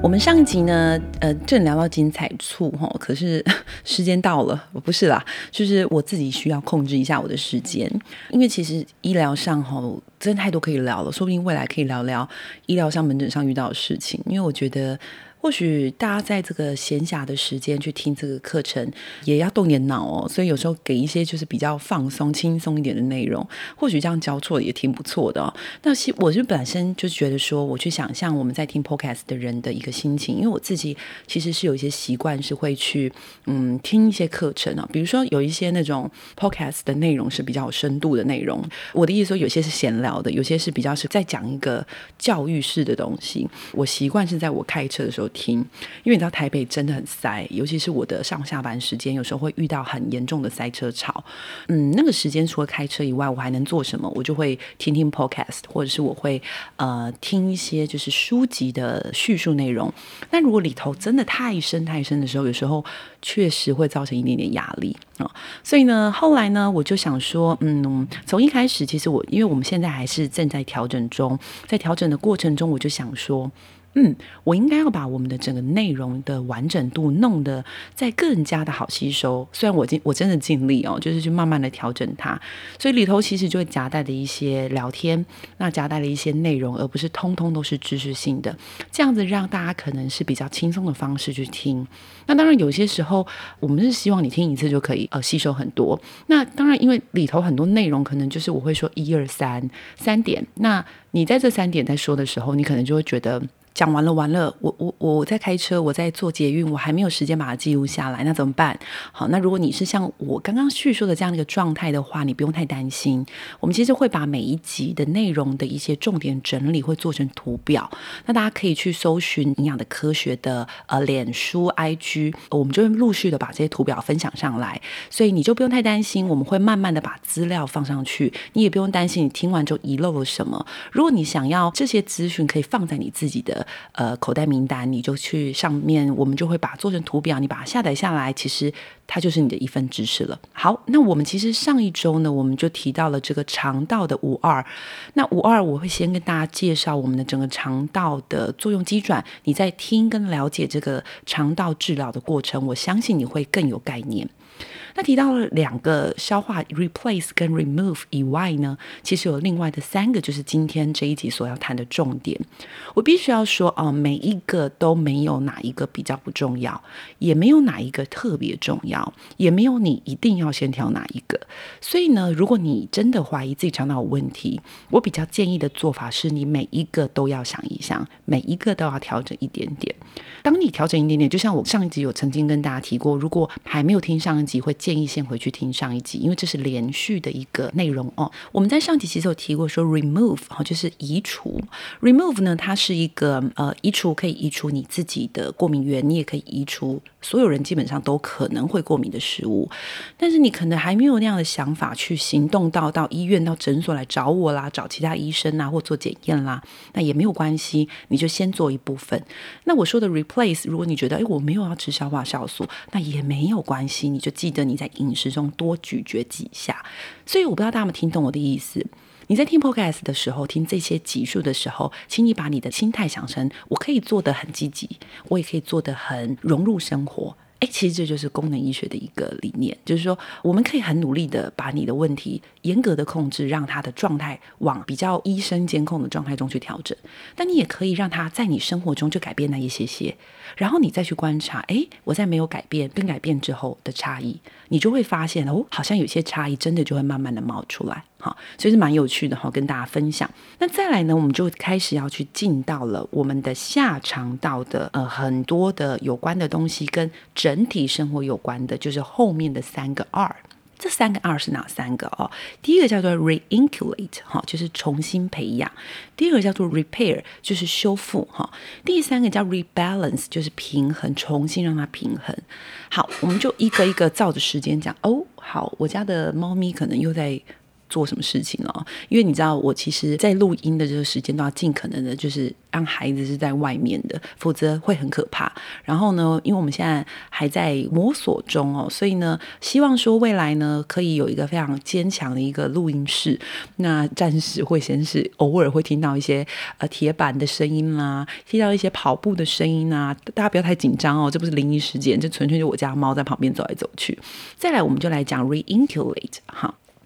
我們上一集呢，呃，正聊到精彩處吼。可是時間到了，不是啦，就是我自己需要控制一下我的時間，因為其實醫療上吼真的太多可以聊了，說不定未來可以聊聊醫療上門診上遇到的事情，因為我覺得。或許大家在這個閒暇的時間去聽這個課程，也要動點腦哦。所以有時候給一些就是比較放鬆、輕鬆一點的內容，或許這樣交錯也挺不錯的哦。那我是本身就覺得說，我去想象我們在聽 Podcast 的人的一個心情，因為我自己其實是有一些習慣是會去嗯聽一些課程啊、哦，比如說有一些那種 Podcast 的內容是比較有深度的內容。我的意思說，有些是閒聊的，有些是比較是在講一個教育式的東西。我習慣是在我開車的時候。聽，因為你知道台北真的很塞，尤其是我的上下班時間，有時候會遇到很嚴重的塞車潮。嗯，那個時間除了開車以外，我還能做什麼？我就會聽聽 Podcast，或者是我會呃聽一些就是書籍的敘述內容。但如果裡頭真的太深太深的時候，有時候確實會造成一點點壓力啊、哦。所以呢，後來呢，我就想說，嗯，從一開始其實我因為我們現在還是正在調整中，在調整的過程中，我就想說。嗯，我應該要把我們的整個內容的完整度弄得再更加的好吸收。雖然我盡我真的盡力哦，就是去慢慢的調整它，所以裡頭其實就會夾帶的一些聊天，那夾帶的一些內容，而不是通通都是知識性的，這樣子讓大家可能是比較輕鬆的方式去聽。那當然有些時候我們是希望你聽一次就可以呃吸收很多。那當然因為裡頭很多內容可能就是我會說一二三三點，那你在這三點在說的時候，你可能就會覺得。講完了，完了，我我我在開車，我在坐捷運，我還沒有時間把它記錄下來，那怎麼辦？好，那如果你是像我剛剛敘述的這樣的一個狀態的話，你不用太擔心。我們其實會把每一集的內容的一些重點整理，會做成圖表，那大家可以去搜尋營養的科學的呃臉書 IG，我們就會陸續的把這些圖表分享上來，所以你就不用太擔心，我們會慢慢的把資料放上去，你也不用擔心你聽完就遺漏了什麼。如果你想要這些資訊，可以放在你自己的。呃，口袋名單你就去上面，我們就會把它做成圖表，你把它下載下來，其實它就是你的一份知識了。好，那我們其實上一周呢，我們就提到了這個腸道的 5R，那 5R 我會先跟大家介紹我們的整個腸道的作用機轉，你在聽跟了解這個腸道治療的過程，我相信你會更有概念。那提到了兩個消化 replace 跟 remove 以外呢，其實有另外的三個，就是今天這一集所要談的重點。我必須要說哦，每一個都沒有哪一個比較不重要，也沒有哪一個特別重要，也沒有你一定要先調哪一個。所以呢，如果你真的懷疑自己腸道有問題，我比較建議的做法是你每一個都要想一想，每一個都要調整一點點。當你調整一點點，就像我上一集有曾經跟大家提過，如果還沒有聽上一集會講。建議先回去聽上一集，因為這是連續的一個內容哦。我們在上集其實有提過說，remove 就是移除，remove 呢，它是一個呃移除，可以移除你自己的過敏源，你也可以移除所有人基本上都可能會過敏的食物。但是你可能還沒有那樣的想法去行動到到醫院到診所來找我啦，找其他醫生啦，或做檢驗啦，那也沒有關係，你就先做一部分。那我說的 replace，如果你覺得，欸，我沒有要吃消化酵素，那也沒有關係，你就記得。你在飲食中多咀嚼幾下，所以我不知道大家有沒有聽懂我的意思。你在聽 podcast 的時候，聽這些集數的時候，請你把你的心態想成：我可以做得很積極，我也可以做得很融入生活。誒、欸，其實這就是功能醫學的一個理念，就是說我們可以很努力的把你的問題嚴格的控制，讓它的狀態往比較醫生監控的狀態中去調整。但你也可以讓它在你生活中就改變那一些些。然後你再去觀察，哎，我在沒有改變跟改變之後的差異，你就會發現哦，好像有些差異真的就會慢慢的冒出來，好、哦，所以是蠻有趣的哈、哦，跟大家分享。那再來呢，我們就開始要去進到了我們的下腸道的呃很多的有關的東西跟整體生活有關的，就是後面的三個 R。這三個 R 是哪三個哦？第一個叫做 Reinculate 哈、哦，就是重新培養；第二個叫做 repair，就是修復哈、哦；第三個叫 rebalance，就是平衡，重新讓它平衡。好，我們就一個一個照着時間講哦。好，我家的貓咪可能又在。做什麼事情哦？因為你知道，我其實，在錄音的這個時間都要盡可能的，就是讓孩子是在外面的，否則會很可怕。然後呢，因為我們現在還在摸索中哦，所以呢，希望說未來呢，可以有一個非常堅強的一個錄音室。那暫時會先是偶爾會聽到一些呃鐵板的聲音啦、啊，聽到一些跑步的聲音啊，大家不要太緊張哦，這不是靈異事件，這純粹就我家貓在旁邊走來走去。再來，我們就來講 Reinculate 哈。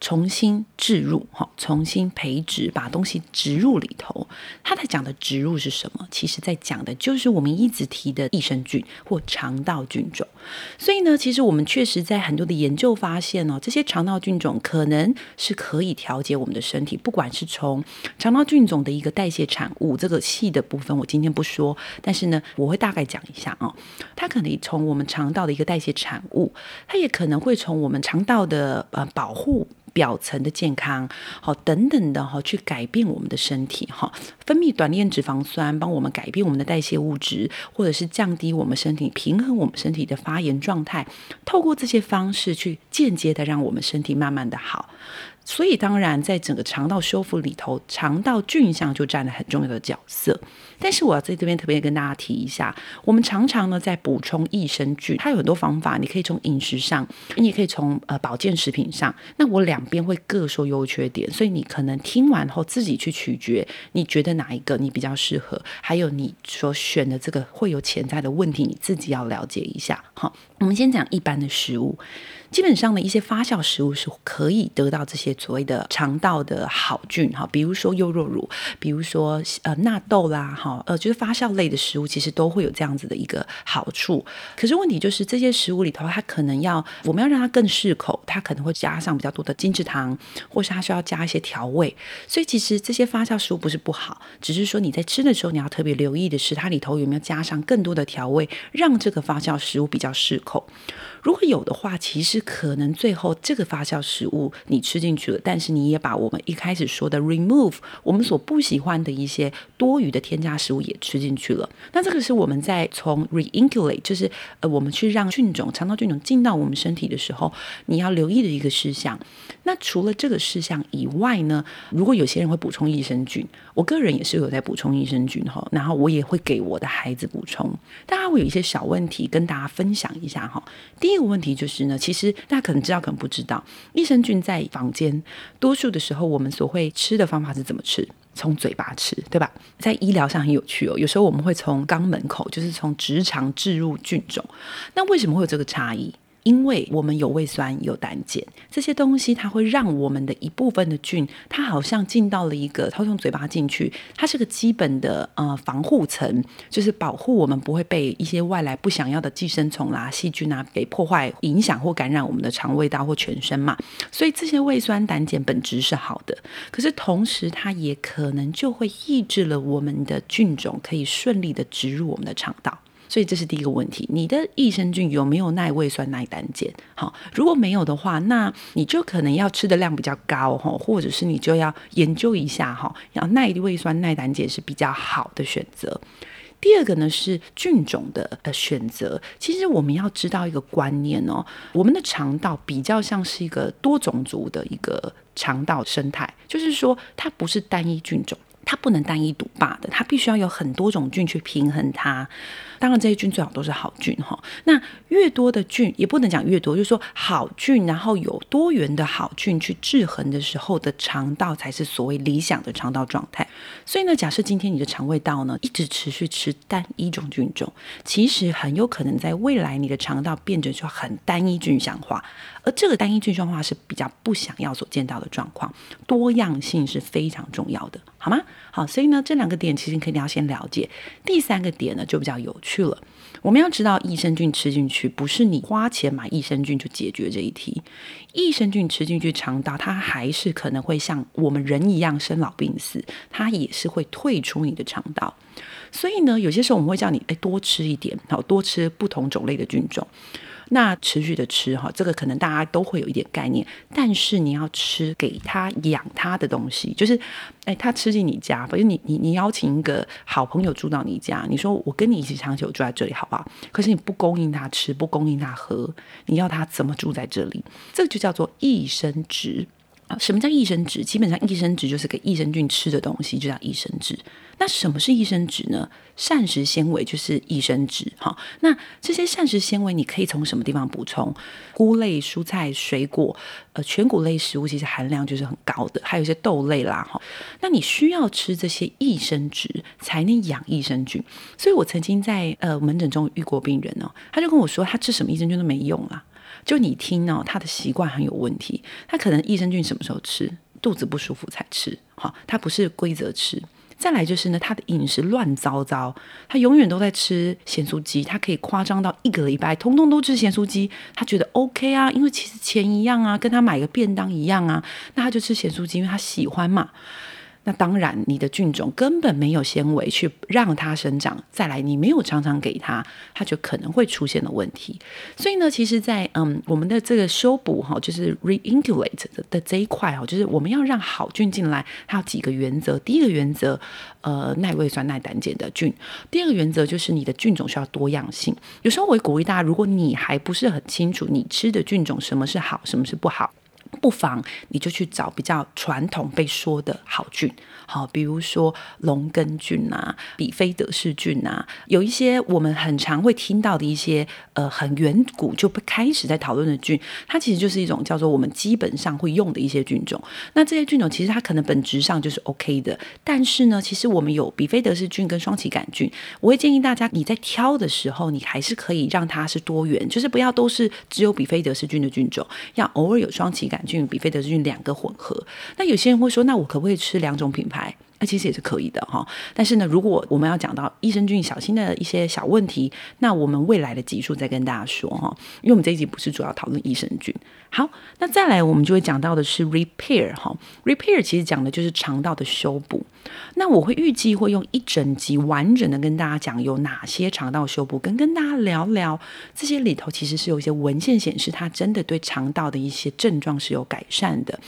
重新置入哈，重新培植，把東西植入裡頭。它在講的植入是什麼？其實在講的就是我們一直提的益生菌或腸道菌種。所以呢，其實我們確實在很多的研究發現哦，這些腸道菌種可能是可以調節我們的身體，不管是從腸道菌種的一個代謝產物這個細的部分，我今天不說，但是呢，我會大概講一下啊。它可能從我們腸道的一個代謝產物，它也可能會從我們腸道的呃保護。表層的健康，好，等等的哈，去改變我們的身體哈，分泌短鏈脂肪酸，幫我們改變我們的代謝物質，或者是降低我們身體，平衡我們身體的發炎狀態，透過這些方式去間接的讓我們身體慢慢的好。所以，當然，在整個腸道修復裡頭，腸道菌相就佔了很重要的角色。但是，我要在這邊特別跟大家提一下，我們常常呢在補充益生菌，它有很多方法，你可以從飲食上，你也可以從呃保健食品上。那我兩邊會各說優缺點，所以你可能聽完後自己去取決，你覺得哪一個你比較適合，還有你所選的這個會有潛在的問題，你自己要了解一下。好，我們先講一般的食物。基本上呢，一些發酵食物是可以得到這些所謂的腸道的好菌哈，比如說優酪乳，比如說呃納豆啦哈，呃就是發酵類的食物，其實都會有這樣子的一個好處。可是問題就是這些食物裡頭，它可能要我們要讓它更適口，它可能會加上比較多的精制糖，或是它需要加一些調味。所以其實這些發酵食物不是不好，只是說你在吃的時候，你要特別留意的是它裡頭有沒有加上更多的調味，讓這個發酵食物比較適口。如果有的話，其實可能最後這個發酵食物你吃進去了，但是你也把我們一開始說的 remove 我們所不喜歡的一些多餘的添加食物也吃進去了。那這個是我們在從 r e i n c u l a t e 就是呃我們去讓菌種、腸道菌種進到我們身體的時候，你要留意的一個事項。那除了這個事項以外呢，如果有些人會補充益生菌，我個人也是有在補充益生菌哈，然後我也會給我的孩子補充。大家會有一些小問題跟大家分享一下哈。另一個問題就是呢，其實大家可能知道，可能不知道，益生菌在房間多數的時候，我們所會吃的方法是怎麼吃？從嘴巴吃，對吧？在醫療上很有趣哦，有時候我們會從肛門口，就是從直腸置入菌種。那為什麼會有這個差異？因為我們有胃酸、有膽鹼這些東西，它會讓我們的一部分的菌，它好像進到了一個，它從嘴巴進去，它是個基本的呃防護層，就是保護我們不會被一些外來不想要的寄生蟲啦、啊、細菌啊給破壞、影響或感染我們的腸胃道或全身嘛。所以這些胃酸、膽鹼本質是好的，可是同時它也可能就會抑制了我們的菌種可以順利的植入我們的腸道。所以這是第一個問題，你的益生菌有沒有耐胃酸、耐膽鹼？好，如果沒有的話，那你就可能要吃的量比較高哈，或者是你就要研究一下哈，要耐胃酸、耐膽鹼是比較好的選擇。第二個呢是菌種的呃選擇，其實我們要知道一個觀念哦，我們的腸道比較像是一個多種族的一個腸道生態，就是說它不是單一菌種。它不能單一獨霸的，它必須要有很多種菌去平衡它。當然，這些菌最好都是好菌哈。那越多的菌，也不能講越多，就是說好菌，然後有多元的好菌去制衡的時候的腸道才是所謂理想的腸道狀態。所以呢，假設今天你的腸胃道呢一直持續吃單一種菌種，其實很有可能在未來你的腸道變成就很單一菌相化，而這個單一菌相化是比較不想要所見到的狀況。多樣性是非常重要的。好嗎？好，所以呢，這兩個點其實你肯定要先了解。第三個點呢，就比較有趣了。我們要知道益生菌吃進去，不是你花錢買益生菌就解決這一題。益生菌吃進去腸道，它還是可能會像我們人一樣生老病死，它也是會退出你的腸道。所以呢，有些時候我們會叫你哎多吃一點，好，多吃不同種類的菌種。那持續的吃哈，這個可能大家都會有一點概念，但是你要吃給他養他的東西，就是，誒、哎，他吃進你家，反正你、你、你邀請一個好朋友住到你家，你說我跟你一起長久住在這裡好不好？可是你不供應他吃，不供應他喝，你要他怎麼住在這裡？這個、就叫做益生質。什麼叫益生質？基本上，益生質就是給益生菌吃的東西，就叫益生質。那什麼是益生質呢？膳食纖維就是益生質。哈，那這些膳食纖維你可以從什麼地方補充？菇類、蔬菜、水果，呃，全穀類食物其實含量就是很高的，還有一些豆類啦。哈、哦，那你需要吃這些益生質才能養益生菌。所以我曾經在呃門診中遇過病人哦，他就跟我說，他吃什麼益生菌都沒用啦、啊。就你聽哦，他的習慣很有問題。他可能益生菌什麼時候吃，肚子不舒服才吃，好、哦，他不是規則吃。再來就是呢，他的飲食亂糟糟，他永遠都在吃鹹酥雞，他可以誇張到一個禮拜通通都吃鹹酥雞，他覺得 OK 啊，因為其實錢一樣啊，跟他買個便當一樣啊，那他就吃鹹酥雞，因為他喜歡嘛。那當然，你的菌種根本沒有纖維去讓它生長。再來，你沒有常常給它，它就可能會出現的問題。所以呢，其實在，在嗯，我們的這個修補哈，就是 Reinculate 的這一塊哈，就是我們要讓好菌進來，它有幾個原則。第一個原則，呃，耐胃酸、耐膽鹼的菌。第二個原則就是你的菌種需要多樣性。有時候我會鼓勵大家，如果你還不是很清楚，你吃的菌種什麼是好，什麼是不好。不妨你就去找比較傳統被說的好菌，好，比如說龍根菌吶、啊、比菲德氏菌吶、啊，有一些我們很常會聽到的一些呃很遠古就不開始在討論的菌，它其實就是一種叫做我們基本上會用的一些菌種。那這些菌種其實它可能本質上就是 OK 的，但是呢，其實我們有比菲德氏菌跟雙歧桿菌，我會建議大家你在挑的時候，你還是可以讓它是多元，就是不要都是只有比菲德氏菌的菌種，要偶爾有雙歧桿。菌比菲德氏菌兩個混合，那有些人會說，那我可不可以吃兩種品牌？那其實也是可以的哈，但是呢，如果我們要講到益生菌小心的一些小問題，那我們未來的集數再跟大家說哈，因為我們這一集不是主要討論益生菌。好，那再來我們就會講到的是 repair 哈，哦，repair 其實講的就是腸道的修補。那我會預計會用一整集完整的跟大家講有哪些腸道修補跟，跟跟大家聊聊這些裡頭其實是有一些文獻顯示它真的對腸道的一些症狀是有改善的。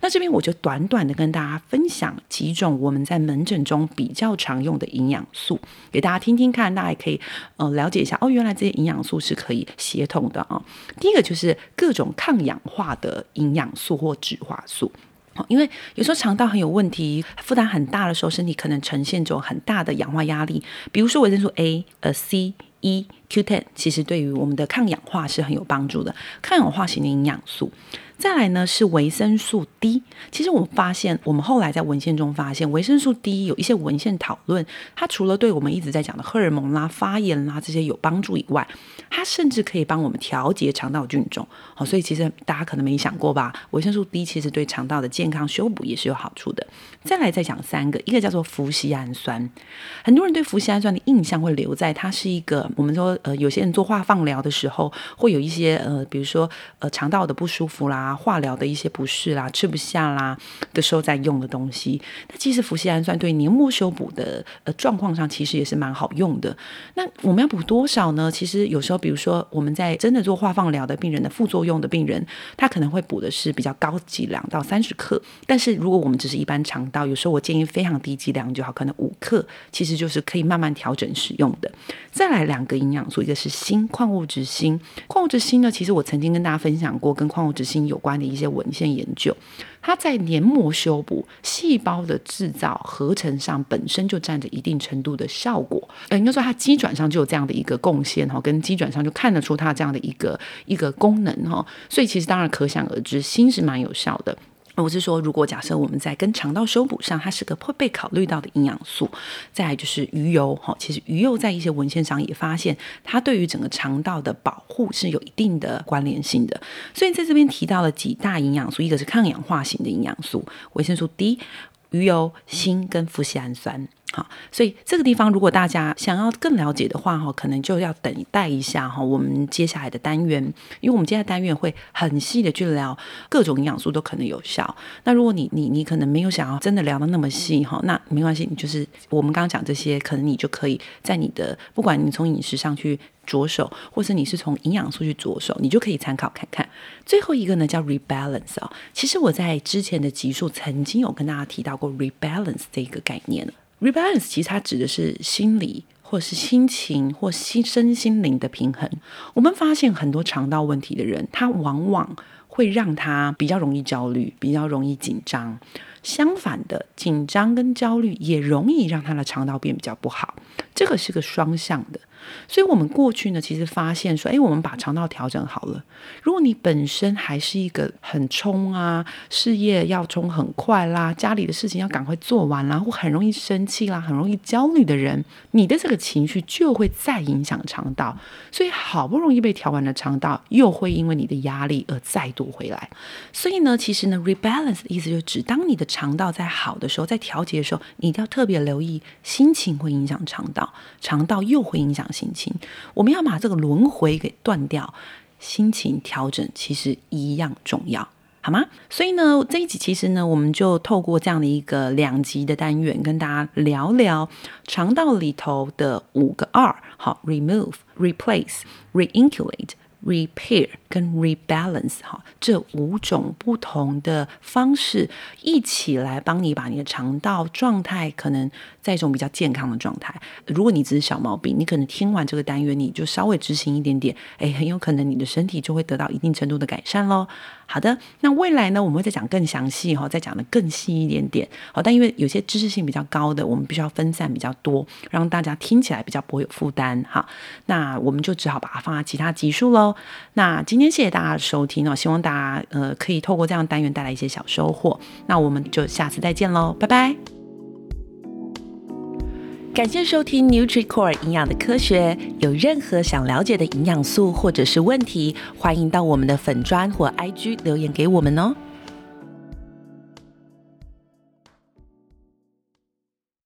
那這邊我就短短的跟大家分享幾種我。我們在門診中比較常用的營養素，給大家聽聽看，大家可以呃了解一下哦。原來這些營養素是可以協同的啊、哦。第一個就是各種抗氧化的營養素或植化素、哦，因為有時候腸道很有問題、負擔很大的時候，身體可能呈現一種很大的氧化壓力。比如說維生素 A、呃 C、E、Q10，其實對於我們的抗氧化是很有幫助的，抗氧化型的營養素。再來呢是維生素 D，其實我們發現，我們後來在文獻中發現，維生素 D 有一些文獻討論，它除了對我們一直在講的荷爾蒙啦、發炎啦這些有幫助以外，它甚至可以幫我們調節腸道菌種。好、哦，所以其實大家可能沒想過吧，維生素 D 其實對腸道的健康修補也是有好處的。再來再講三個，一個叫做麩醯胺酸，很多人對麩醯胺酸的印象會留在它是一個，我們說呃有些人做化放療的時候，會有一些呃比如說呃腸道的不舒服啦。啊，化療的一些不適啦，吃不下啦的時候，在用的東西。那其實麩醯胺酸對黏膜修補的呃、狀況上，其實也是蠻好用的。那我們要補多少呢？其實有時候，比如說我們在真的做化放療的病人的副作用的病人，他可能會補的是比較高劑量到三十克。但是如果我們只是一般腸道，有時候我建議非常低劑量就好，可能五克，其實就是可以慢慢調整使用的。再來兩個營養素，一個是鋅，礦物質鋅。礦物質鋅呢，其實我曾經跟大家分享過，跟礦物質鋅有。有關的一些文獻研究，它在黏膜修補、細胞的制造、合成上本身就占着一定程度的效果。哎、呃，應該說它機轉上就有這樣的一個貢獻哈、哦，跟機轉上就看得出它這樣的一個一個功能哈、哦。所以其實當然可想而知，鋅是蠻有效的。那我是說，如果假設我們在跟腸道修補上，它是個會被考慮到的營養素。再來就是魚油，哈，其實魚油在一些文獻上也發現，它對於整個腸道的保護是有一定的關聯性的。所以在這邊提到了幾大營養素，一個是抗氧化型的營養素，維生素 D、魚油、鋅跟麩醯胺酸。好，所以這個地方如果大家想要更了解的話，哈，可能就要等待一下哈。我們接下來的單元，因為我們接下來單元會很細的去聊各種營養素都可能有效。那如果你你你可能沒有想要真的聊得那麼細哈，那沒關係，你就是我們剛剛講這些，可能你就可以在你的，不管你從飲食上去着手，或是你是從營養素去着手，你就可以參考看看。最後一個呢叫 rebalance 啊，其實我在之前的集數曾經有跟大家提到過 rebalance 這一個概念。Rebalance 其實它指的是心理或是心情或是身心靈的平衡。我們發現很多腸道問題的人，他往往會讓他比較容易焦慮，比較容易緊張。相反的，緊張跟焦慮也容易讓他的腸道變比較不好。這個是個雙向的。所以，我們過去呢，其實發現說，誒、哎，我們把腸道調整好了。如果你本身還是一個很衝啊，事業要衝很快啦，家裡的事情要趕快做完啦、啊，或很容易生氣啦，很容易焦慮的人，你的這個情緒就會再影響腸道。所以，好不容易被調完了腸道，又會因為你的壓力而再度回來。所以呢，其實呢，Rebalance 的意思就是指，當你的腸道在好的時候，在調節的時候，你一定要特別留意心情會影響腸道，腸道又會影響。心情，我們要把這個輪回給斷掉。心情調整其實一樣重要，好嗎？所以呢，這一集其實呢，我們就透過這樣的一個兩集的單元，跟大家聊聊腸道裡頭的五個 R。好，Remove、Replace、Reinculate。Repair 跟 Rebalance 哈，這五種不同的方式一起來幫你把你的腸道狀態可能在一種比較健康的狀態。如果你只是小毛病，你可能聽完這個單元你就稍微執行一點點，哎，很有可能你的身體就會得到一定程度的改善咯。好的，那未來呢，我們會再講更詳細哈，再講得更細一點點。好，但因為有些知識性比較高的，我們必須要分散比較多，讓大家聽起來比較不會有負擔哈。那我們就只好把它放在其他集數嘍。那今天謝謝大家的收聽哦，希望大家呃可以透過這樣單元帶來一些小收穫。那我們就下次再見嘍，拜拜！感謝收聽 NutriCore 營養的科學。有任何想了解的營養素或者是問題，歡迎到我們的粉專或 IG 留言給我們哦。